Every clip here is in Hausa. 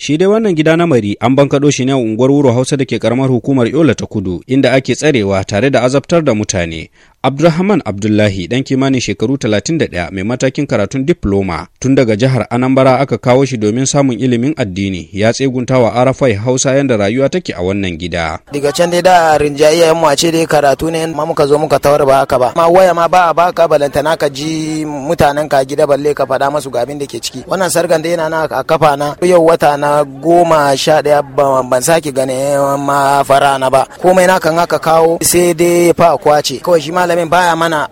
Shi dai wannan gida na mari an bankaɗo shi ne a unguwar wuro Hausa da ke karamar hukumar Yola ta Kudu inda ake tsarewa tare da azabtar da mutane Abdulrahman Abdullahi dan kimanin shekaru 31 mai matakin karatun diploma tun daga jihar Anambra aka kawo shi domin samun ilimin addini ya tseguntawa Arafai Hausa yanda rayuwa take a wannan gida. Daga can dai da rinjaye mu a ce dai karatu ne ma muka zo muka tawar ba haka ba. Ma waya ma ba a baka balanta ka ji mutanen ka gida balle ka faɗa masu ga abin da ke ciki. Wannan sargan dai yana na a kafa na yau wata na goma sha ɗaya ban sake gane ma fara na ba. Komai na kan haka kawo sai dai fa kwace. Kawai shi ma malamin baya mana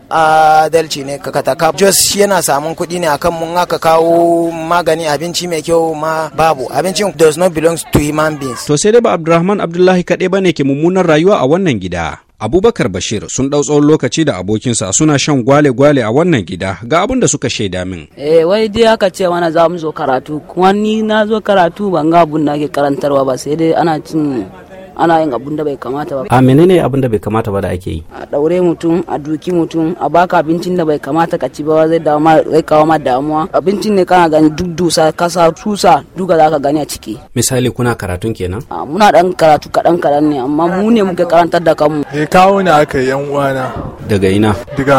adalci ne ka kataka jos yana samun kuɗi ne akan mun aka kawo magani abinci mai kyau ma babu abincin does not belong to human beings to sai dai ba abdurrahman abdullahi kaɗai ne ke mummunan rayuwa a wannan gida abubakar bashir sun ɗau tsawon lokaci da abokinsa suna shan gwale-gwale a wannan gida ga abin da suka shaida min eh wai dai aka ce mana za mu zo karatu kuma na zo karatu ban ga abun da ake karantarwa ba sai dai ana cin ana yin abun da bai kamata ba a menene abun da bai kamata ba da ake yi a daure mutum a duki mutum a baka abincin da bai kamata ka ci ba zai dawo ma zai kawo ma damuwa abincin ne kana gani duk dusa kasa tusa duka za ka gani a ciki misali kuna karatun kenan a muna dan karatu kadan kadan ne amma mu ne muke karantar da kanmu Me eh, kawo ne aka yan uwana daga ina daga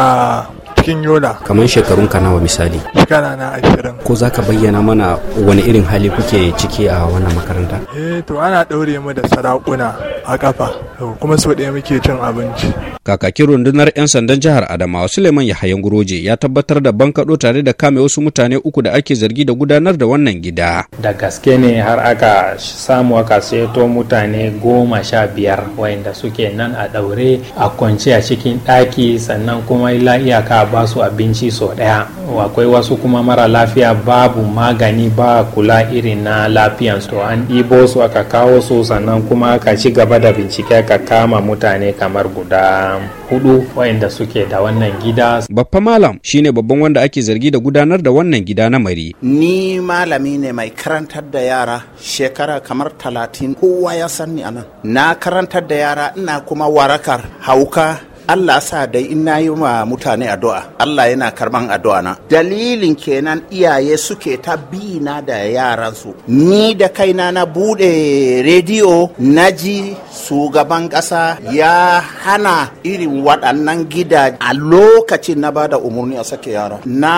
cikin yola kamar shekarun ka nawa misali shekara na ashirin ko za ka bayyana mana wani irin hali kuke ciki a wannan makaranta eh to ana ɗaure mu da sarakuna a kafa kuma sau ɗaya muke cin abinci kakakin rundunar 'yan sandan jihar adamawa suleiman yahayan guroje ya tabbatar da bankaɗo tare da kame wasu mutane uku da ake zargi da gudanar da wannan gida da gaske ne har aka samu aka seto mutane goma sha biyar wayanda suke nan a ɗaure a kwance a cikin ɗaki sannan kuma ila iyaka ba su abinci sau ɗaya akwai wasu kuma mara lafiya babu magani ba kula irin na lafiyan. to an ɗibo su aka kawo su sannan kuma aka ci gaba da bincike aka kama mutane kamar guda hudu wayanda suke da wannan gida babba malam shine babban wanda ake zargi da gudanar da wannan gida na mari ni malami ne mai karantar da yara shekara kamar talatin kowa ya sanni anan na karantar da yara ina kuma warakar hauka Allah sa dai in na yi ma mutane addu'a Allah yana karban addu'a na dalilin kenan iyaye suke ta bi na da yaransu ni da kaina na bude rediyo na ji shugaban ƙasa ya hana irin waɗannan gida a lokacin na bada umarni a sake yara na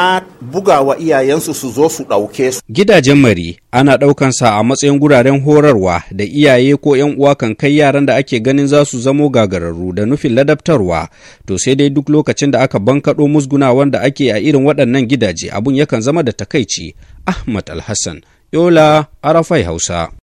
buga wa iyayensu su zo su ɗauke su gidajen mari ana ɗaukansa a matsayin guraren horarwa da iyaye ko 'yan uwa kan kai yaran da ake ganin za su zamo gagararru da nufin ladabtarwa to sai dai duk lokacin da aka bankaɗo musguna wanda ake a irin waɗannan gidaje abun yakan zama da takaici ahmad alhassan yola arafai hausa